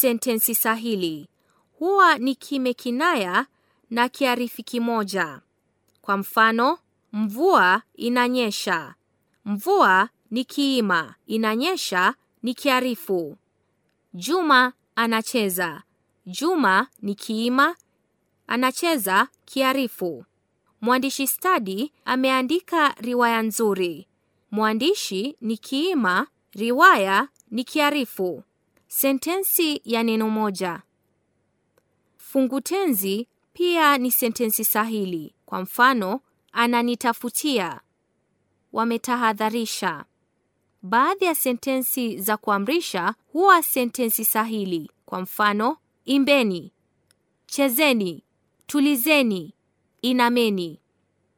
Sentensi sahili huwa ni kime kinaya na kiarifi kimoja. Kwa mfano, mvua inanyesha. Mvua ni kiima, inanyesha ni kiarifu. Juma anacheza. Juma ni kiima, anacheza kiarifu. Mwandishi stadi ameandika riwaya nzuri. Mwandishi ni kiima, riwaya ni kiarifu. Sentensi ya neno moja. Fungu tenzi pia ni sentensi sahili. Kwa mfano, ananitafutia. Wametahadharisha. Baadhi ya sentensi za kuamrisha huwa sentensi sahili. Kwa mfano, imbeni, chezeni, tulizeni, inameni.